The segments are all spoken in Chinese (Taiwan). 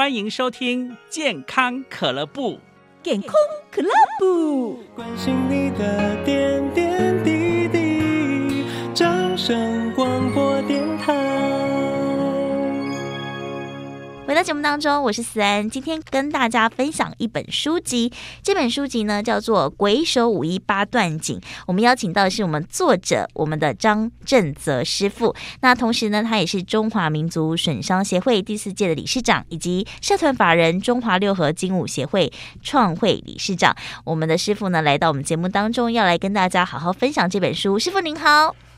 歡迎收聽健康俱樂部。健康俱樂部，關心你的點點點。在節目當中，我是思安，今天跟大家分享一本書籍。這本書籍呢，叫做《鬼手五一八段錦》，我們邀請到的是我們作者，我們的張振澤師傅。那同時呢，他也是中華民族損傷協會第四屆的理事長，以及社團法人中華六合精武協會創會理事長。我們的師傅呢，來到我們節目當中，要來跟大家好好分享這本書。師傅您好。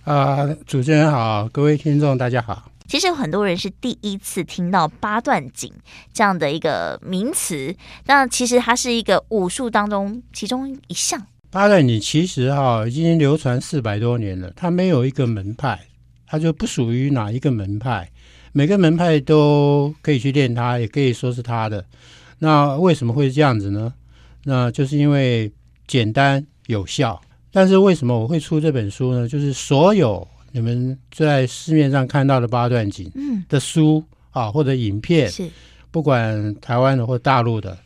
啊、呃，主持人好，各位聽眾大家好。其實有很多人是第一次聽到八段錦這樣的一個名詞，那其實它是一個武術當中其中一項。八段錦其實哈已經流傳四百多年了，它沒有一個門派，它就不屬於哪一個門派，每個門派都可以去練它，也可以說是它的。那為什麼會這樣子呢？那就是因為簡單有效。但是為什麼我會出這本書呢？就是所有。你們在市面上看到的八段錦的書、嗯、啊，或者影片，是不管台灣的或大陸的，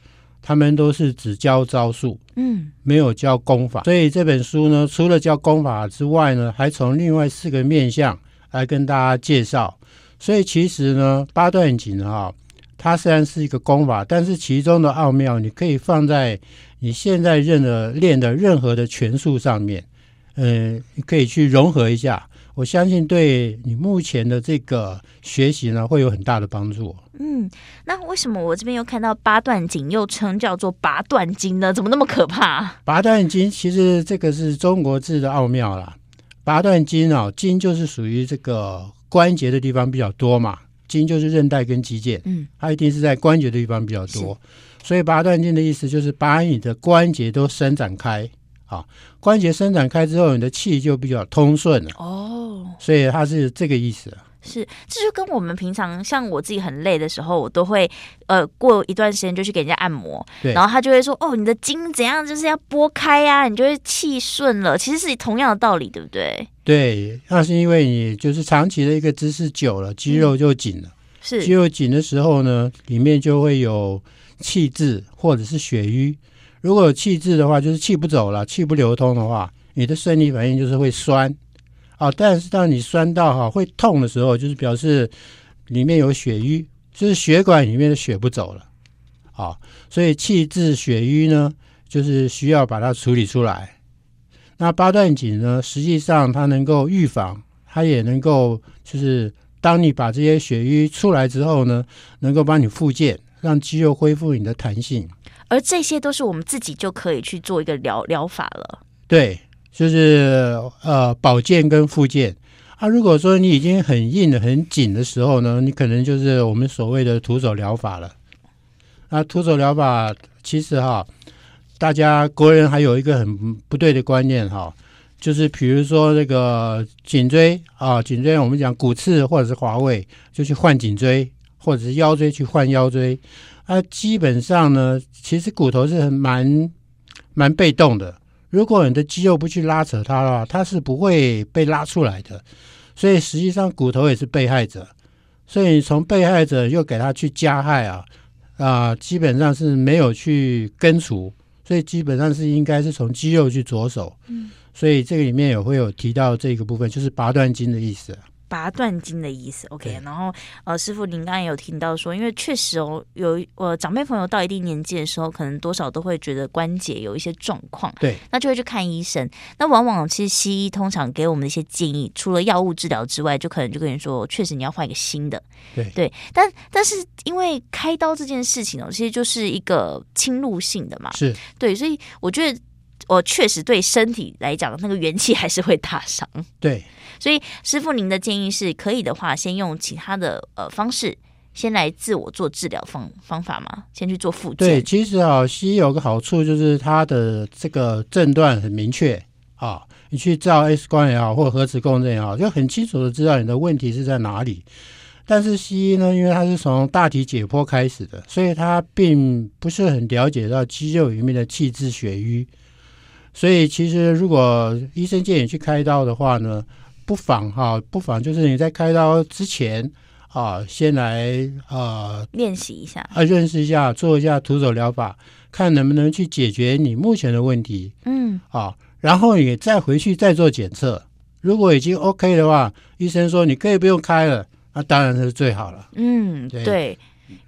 他們都是只教招數，嗯，沒有教功法。所以這本書呢，除了教功法之外呢，還從另外四個面向來跟大家介紹。所以其實呢，八段錦啊，它雖然是一個功法，但是其中的奧妙，你可以放在你現在認的練的任何的拳術上面，嗯、呃，你可以去融合一下。我相信對你目前的這個學習呢，會有很大的幫助。嗯，那為什麼我這邊又看到八段錦又稱叫做拔斷筋呢？怎麼那麼可怕啊？拔斷筋其實這個是中國字的奧妙啦。拔斷筋哦，筋，就是屬於這個關節的地方比較多嘛，筋就是韌帶跟肌腱，嗯，它一定是在關節的地方比較多，是所以拔斷筋的意思就是把你的關節都伸展開。啊、關節伸展開之後，你的氣就比較通順了。哦，所以它是這個意思、啊。是，這就跟我們平常像我自己很累的時候，我都會呃過一段時間就去給人家按摩，對然後他就會說：“哦，你的筋怎樣，就是要撥開呀、啊，你就會氣順了。”其實是同樣的道理，對不對？對，那是因為你就是長期的一個姿勢久了，肌肉就緊了、嗯。是，肌肉緊的時候呢，裡面就會有氣滯或者是血瘀。如果有氣滯的話，就是氣不走了，氣不流通的話，你的生理反應就是會酸，啊、哦，但是當你酸到哈會痛的時候，就是表示裡面有血瘀，就是血管裡面的血不走了，啊、哦，所以氣滯血瘀呢，就是需要把它處理出來。那八段錦呢，實際上它能夠預防，它也能夠就是當你把這些血瘀出來之後呢，能夠幫你復健，讓肌肉恢復你的彈性。而這些都是我們自己就可以去做一個療療法了。對，就是呃保健跟復健啊。如果說你已經很硬很緊的時候呢，你可能就是我們所謂的徒手療法了。啊，徒手療法其實哈，大家國人還有一個很不對的觀念哈，就是比如說那個頸椎啊，頸椎我們講骨刺或者是滑位，就去換頸椎或者是腰椎去換腰椎。他、啊、基本上呢，其實骨頭是很蠻蠻被動的。如果你的肌肉不去拉扯它的話，它是不會被拉出來的。所以實際上骨頭也是被害者。所以你從被害者又給他去加害啊啊、呃，基本上是沒有去根除。所以基本上是應該是從肌肉去着手。嗯，所以這個裡面也會有提到這個部分，就是拔斷筋的意思。拔斷筋的意思，OK 對。然後，呃，師父，您剛剛也有聽到說，因為確實哦，有呃長輩朋友到一定年紀的時候，可能多少都會覺得關節有一些狀況，對，那就會去看醫生。那往往其實西醫通常給我們的一些建議，除了藥物治療之外，就可能就跟你說，確實你要換一個新的，對對。但但是因為開刀這件事情哦，其實就是一個侵入性的嘛，是對，所以我覺得。我確、哦、實，對身體來講，那個元氣還是會大傷。對，所以師傅您的建議是可以的話，先用其他的呃方式，先來自我做治療方方法嘛，先去做復健。對，其實啊、哦，西醫有個好處就是它的這個診斷很明確啊、哦，你去照 X 光也好，或核磁共振也好，就很清楚的知道你的問題是在哪裡。但是西醫呢，因為它是從大體解剖開始的，所以它並不是很了解到肌肉裡面的氣滯血瘀。所以，其實如果醫生建議去開刀的話呢，不妨哈，不妨就是你在開刀之前啊、呃，先來啊、呃、練習一下，啊，認識一下，做一下徒手療法，看能不能去解決你目前的問題。嗯，好、啊，然後你再回去再做檢測。如果已經 OK 的話，醫生說你可以不用開了，那、啊、當然是最好了。嗯，對。對。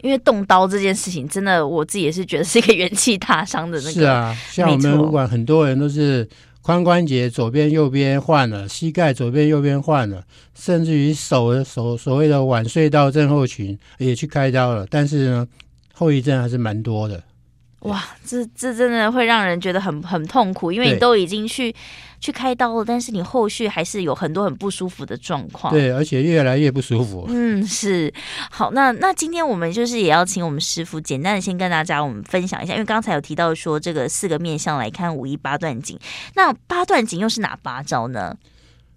因為動刀這件事情，真的我自己也是覺得是一個元氣大傷的。那個是啊，像我們武館很多人都是髖關節左邊、右邊換了，膝蓋左邊、右邊換了，甚至於手的手所謂的腕隧道症候群也去開刀了，但是呢，後遺症還是蠻多的。哇，這這真的會讓人覺得很很痛苦，因為你都已經去對去開刀了，但是你後續還是有很多很不舒服的狀況。對，而且越來越不舒服。嗯，是。好，那那今天我們就是也要請我們師父簡單的先跟大家我們分享一下，因為剛才有提到說這個四個面向來看五一八段錦，那八段錦又是哪八招呢？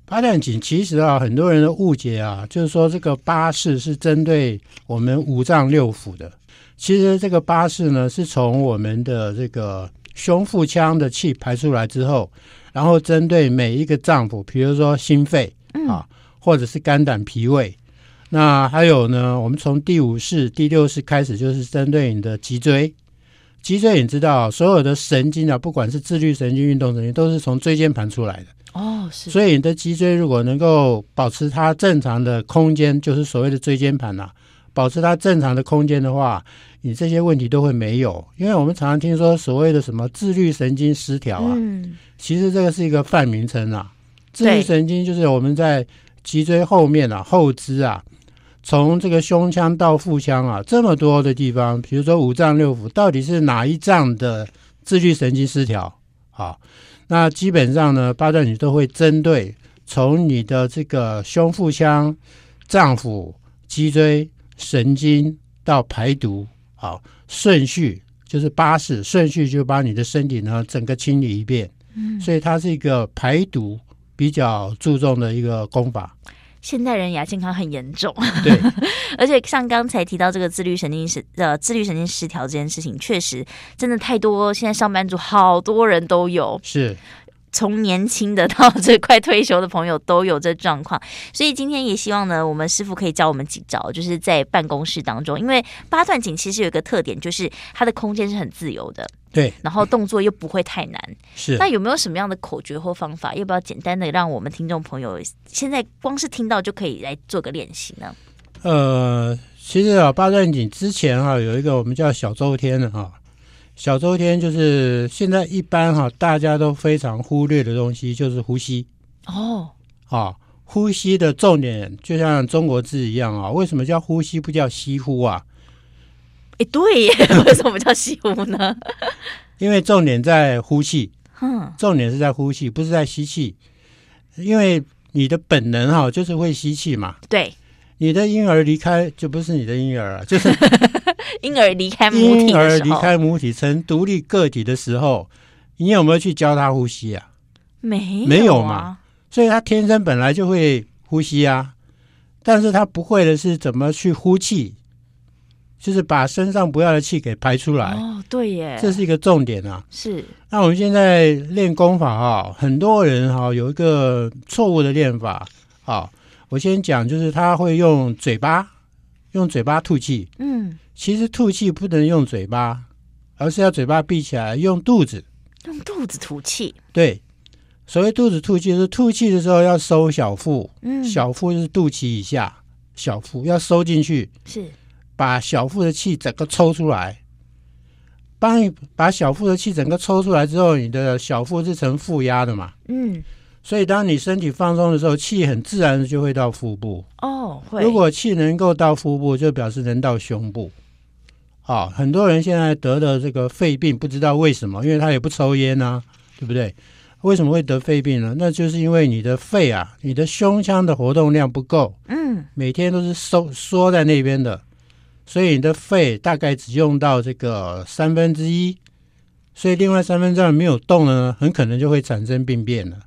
八段錦其實啊，很多人的誤解啊，就是說這個八式是針對我們五臟六腑的。其實這個八式呢，是從我們的這個胸腹腔的氣排出來之後，然後針對每一個臟腑，比如說心肺，嗯、啊，或者是肝膽脾胃，那還有呢，我們從第五式、第六式開始，就是針對你的脊椎。脊椎，你知道，所有的神經啊，不管是自律神經、運動神經，都是從椎間盤出來的。哦，是的。所以你的脊椎如果能夠保持它正常的空間，就是所謂的椎間盤啊，保持它正常的空間的話你這些問題都會沒有，因為我們常常聽說所謂的什麼自律神經失調啊，嗯，其實這個是一個泛名稱啊。自律神經就是我們在脊椎後面啊，後肢啊，從這個胸腔到腹腔啊，這麼多的地方，比如說五臟六腑，到底是哪一臟的自律神經失調好，啊，那基本上呢，八段錦都會針對從你的這個胸腹腔、臟腑、脊椎神經到排毒。好，順序就是八式，順序，就把你的身體呢整個清理一遍。嗯，所以它是一個排毒比較注重的一個功法。現代人亞健康很嚴重，對， 而且像剛才提到這個自律神經失呃自律神經失調這件事情，確實真的太多，現在上班族好多人都有，是。從年輕的到這快退休的朋友都有這狀況，所以今天也希望呢，我們師傅可以教我們幾招，就是在辦公室當中，因為八段錦其實有一個特點，就是它的空間是很自由的，對，然後動作又不會太難對，是。那有沒有什麼樣的口訣或方法，要不要簡單的讓我們聽眾朋友現在光是聽到就可以來做個練習呢？呃，其實啊，八段錦之前啊，有一個我們叫小周天的、啊、哈。小周天就是現在一般哈、啊，大家都非常忽略的東西，就是呼吸、oh. 哦。啊，呼吸的重點就像中國字一樣啊。為什麼叫呼吸不叫吸呼啊？哎、欸，對耶， 為什麼叫吸呼呢？因為重點在呼氣，重點是在呼氣，不是在吸氣。因為你的本能哈、啊，就是會吸氣嘛。對，你的嬰兒離開就不是你的嬰兒了，就是。 嬰兒離開母體，嬰兒離開母體成獨立個體的時候，你有沒有去教他呼吸啊？沒有啊，沒有嘛？所以他天生本來就會呼吸啊，但是他不會的是怎麼去呼氣，就是把身上不要的氣給排出來。哦，對耶，這是一個重點啊。是，那我們現在練功法哈、哦，很多人哈、哦、有一個錯誤的練法啊、哦。我先講，就是他會用嘴巴用嘴巴吐氣，嗯。其實吐氣不能用嘴巴，而是要嘴巴閉起來，用肚子。用肚子吐氣。對，所謂肚子吐氣，是吐氣的時候要收小腹。嗯，小腹是肚臍以下，小腹要收進去。是。把小腹的氣整個抽出來。幫你把小腹的氣整個抽出來之後，你的小腹是呈負壓的嘛？嗯。所以當你身體放鬆的時候，氣很自然的就會到腹部。哦，會。如果氣能夠到腹部，就表示能到胸部。啊、哦，很多人現在得的這個肺病，不知道為什麼，因為他也不抽菸吶、啊，對不對？為什麼會得肺病呢？那就是因為你的肺啊，你的胸腔的活動量不夠，嗯，每天都是收縮，縮在那邊的，所以你的肺大概只用到這個三分之一，所以另外三分之二沒有動了呢，很可能就會產生病變了。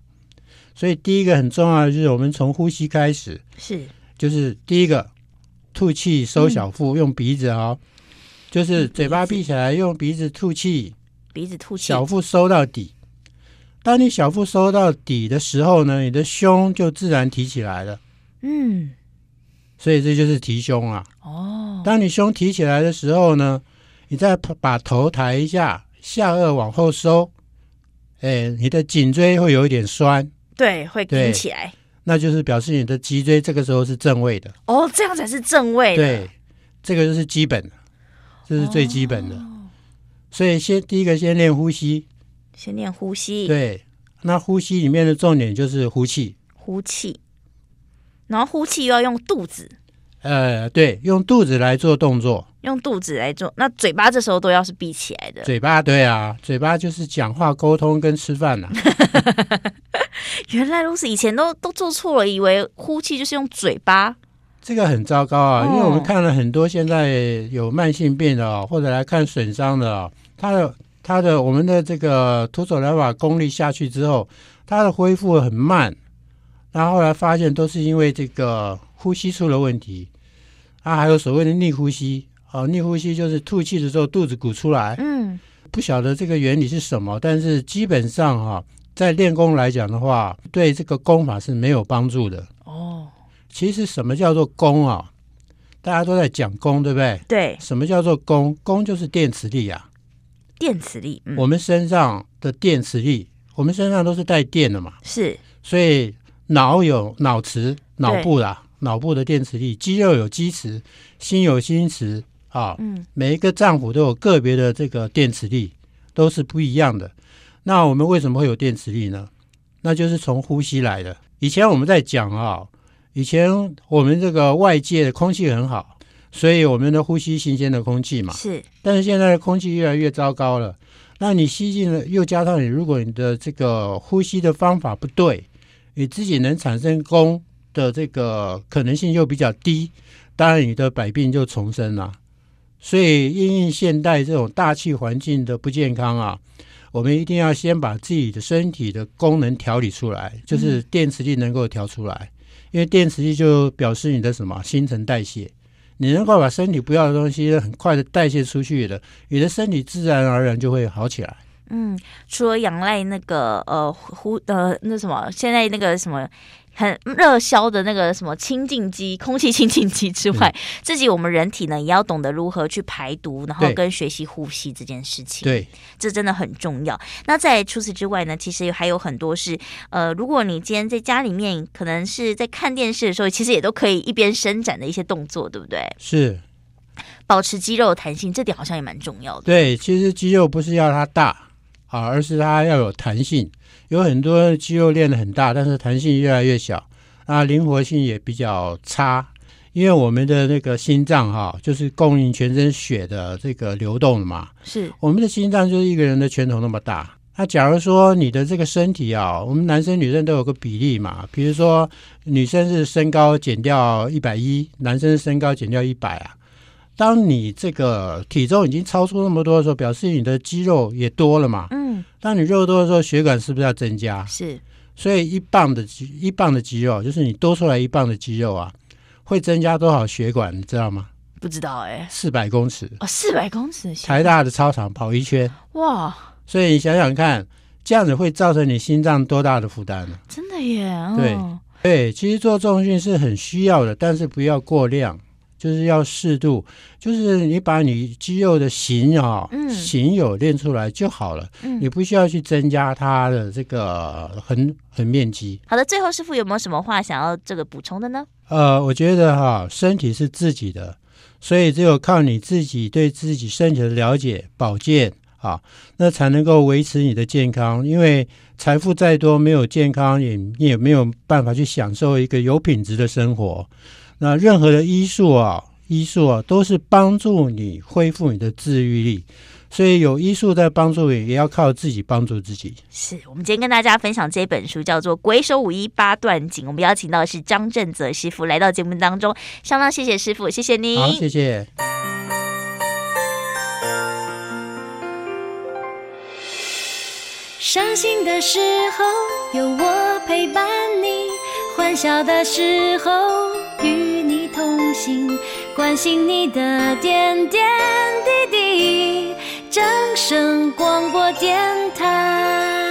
所以第一個很重要的就是我們從呼吸開始，是，就是第一個吐氣收小腹，嗯、用鼻子啊、哦。就是嘴巴閉起來，嗯、鼻子用鼻子吐氣，鼻子吐氣，小腹收到底。當你小腹收到底的時候呢，你的胸就自然提起來了。嗯，所以這就是提胸啊。哦，當你胸提起來的時候呢，你再把頭抬一下，下顎往後收，哎、欸，你的頸椎會有一點酸。對，會提起來，那就是表示你的脊椎這個時候是正位的。哦，這樣才是正位的。對，這個就是基本。這是最基本的。oh. 所以先第一個先練呼吸，先練呼吸。對，那呼吸裡面的重點就是呼氣，呼氣，然後呼氣又要用肚子。呃，對，用肚子來做動作，用肚子來做，那嘴巴這時候都要是閉起來的。嘴巴對啊，嘴巴就是講話、溝通跟吃飯吶、啊。 原來如此，以前都都做錯了，以為呼氣就是用嘴巴。這個很糟糕啊，因為我們看了很多現在有慢性病的、哦，哦、或者來看損傷的、哦，他的他的我們的這個徒手療法功力下去之後，他的恢復很慢。然後,後來發現都是因為這個呼吸出了問題，啊，還有所謂的逆呼吸啊，逆呼吸就是吐氣的時候肚子鼓出來，嗯，不曉得這個原理是什麼，但是基本上哈、啊，在練功來講的話，對這個功法是沒有幫助的。哦。其實什麼叫做功啊？大家都在講功，對不對？對。什麼叫做功？功就是電磁力啊。電磁力，嗯、我們身上的電磁力，我們身上都是帶電的嘛。是。所以腦有腦磁，腦部啦、啊，對腦部的電磁力；肌肉有肌磁，心有心磁啊。嗯。每一個臟腑都有個別的這個電磁力，都是不一樣的。那我們為什麼會有電磁力呢？那就是從呼吸來的。以前我們在講啊。以前我們這個外界的空氣很好，所以我們的呼吸新鮮的空氣嘛。是。但是現在的空氣越來越糟糕了，那你吸進了，又加上你，如果你的這個呼吸的方法不對，你自己能產生功的這個可能性又比較低，當然你的百病就重生了。所以因應現代這種大氣環境的不健康啊，我們一定要先把自己的身體的功能調理出來，就是電磁力能夠調出來。嗯因為電磁就表示你的什麼新陳代謝，你能夠把身體不要的東西很快的代謝出去了，你的身體自然而然就會好起來。嗯，除了仰賴那個呃呼呃那什麼，現在那個什麼。很熱銷的那個什麼清淨機、空氣清淨機之外，嗯、自己我們人體呢也要懂得如何去排毒，然後跟學習呼吸這件事情。對，這真的很重要。那在除此之外呢，其實還有很多是，呃，如果你今天在家裡面，可能是在看電視的時候，其實也都可以一邊伸展的一些動作，對不對？是，保持肌肉的彈性，這點好像也蠻重要的。對，其實肌肉不是要它大，而是它要有彈性。有很多肌肉練得很大，但是彈性越來越小，啊，靈活性也比較差。因為我們的那個心臟哈、哦，就是供應全身血的這個流動嘛，是我們的心臟就是一個人的拳頭那麼大。那、啊、假如說你的這個身體啊，我們男生女生都有個比例嘛，比如說女生是身高減掉一百一，男生身高減掉一百啊。當你這個體重已經超出那麼多的時候，表示你的肌肉也多了嘛？嗯。當你肉多的時候，血管是不是要增加？是。所以一磅的肌一磅的肌肉，就是你多出來一磅的肌肉啊，會增加多少血管？你知道嗎？不知道欸。四百公尺哦，四百公尺。台大的操場跑一圈哇！所以你想想看，這樣子會造成你心臟多大的負擔呢？真的耶。對對，其實做重訓是很需要的，但是不要過量。就是要適度，就是你把你肌肉的型啊、哦、嗯、型有練出來就好了，嗯、你不需要去增加它的這個橫橫面積。好的，最後師傅有沒有什麼話想要這個補充的呢？呃，我覺得哈、啊，身體是自己的，所以只有靠你自己對自己身體的了解、保健啊，那才能夠維持你的健康。因為財富再多，沒有健康也你也沒有辦法去享受一個有品質的生活。那任何的醫術啊，醫術啊，都是幫助你恢復你的自癒力。所以有醫術在幫助你，也要靠自己幫助自己。是，我們今天跟大家分享這本書叫做《鬼手五一八段錦》，我們邀請到的是張振澤師傅來到節目當中，相當謝謝師傅，謝謝你，好，謝謝。傷心的時候有我陪伴你，歡笑的時候。關心你的點點滴滴，正聲廣播電台。